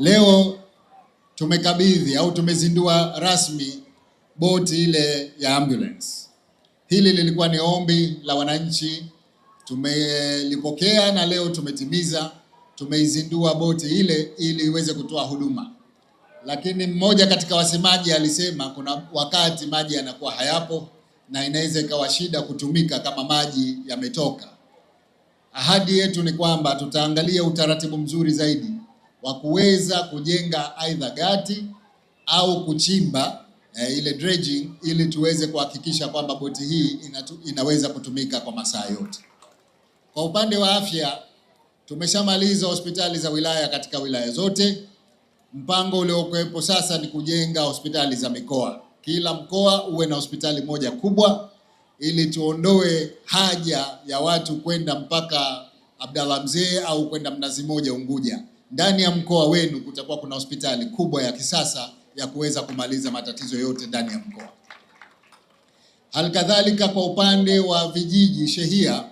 Leo tumekabidhi au tumezindua rasmi boti ile ya ambulance. Hili lilikuwa ni ombi la wananchi, tumelipokea na leo tumetimiza, tumeizindua boti ile ili iweze kutoa huduma. Lakini mmoja katika wasemaji alisema kuna wakati maji yanakuwa hayapo na inaweza ikawa shida kutumika kama maji yametoka. Ahadi yetu ni kwamba tutaangalia utaratibu mzuri zaidi wa kuweza kujenga aidha gati au kuchimba eh, ile dredging ili tuweze kuhakikisha kwamba boti hii inatu, inaweza kutumika kwa masaa yote. Kwa upande wa afya tumeshamaliza hospitali za wilaya katika wilaya zote. Mpango uliokuwepo sasa ni kujenga hospitali za mikoa, kila mkoa uwe na hospitali moja kubwa, ili tuondoe haja ya watu kwenda mpaka Abdallah Mzee au kwenda Mnazi Moja Unguja ndani ya mkoa wenu kutakuwa kuna hospitali kubwa ya kisasa ya kuweza kumaliza matatizo yote ndani ya mkoa. Halikadhalika, kwa upande wa vijiji shehia,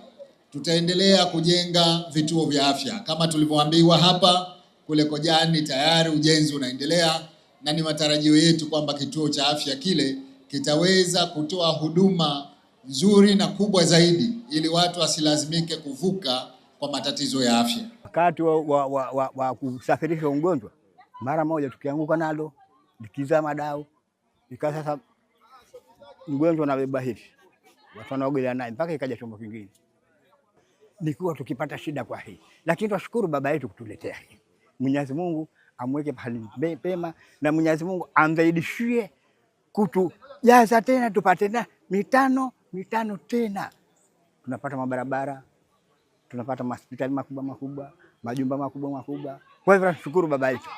tutaendelea kujenga vituo vya afya kama tulivyoambiwa hapa. Kule Kojani tayari ujenzi unaendelea, na ni matarajio yetu kwamba kituo cha afya kile kitaweza kutoa huduma nzuri na kubwa zaidi, ili watu wasilazimike kuvuka kwa matatizo ya afya wakati wa, wa, wa, wa, wa kusafirisha mgonjwa, mara moja tukianguka nalo likizama dau ikawa sasa mgonjwa nabeba hivi, watu wanaogelea naye mpaka ikaja chombo kingine, nikuwa tukipata shida kwa hii. Lakini twashukuru baba yetu kutuletea hii. Mwenyezi Mungu amweke pahali pema, na Mwenyezi Mungu amzaidishie kutujaza tena, tupate na mitano mitano tena, tunapata mabarabara, tunapata mahospitali makubwa makubwa majumba makubwa makubwa. Kwa hivyo tunashukuru baba yetu.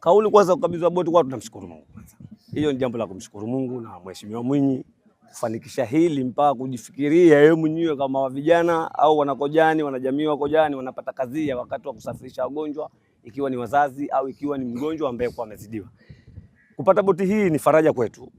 Kauli kwanza kukabidhiwa boti kwa tunamshukuru Mungu kwanza. Hiyo ni jambo la kumshukuru Mungu na mheshimiwa Mwinyi kufanikisha hili mpaka kujifikiria yeye mwenyewe kama vijana au wanakojani wanajamii wakojani wanapata kazi ya wakati wa kusafirisha wagonjwa, ikiwa ni wazazi au ikiwa ni mgonjwa ambaye kwa amezidiwa. Kupata boti hii ni faraja kwetu.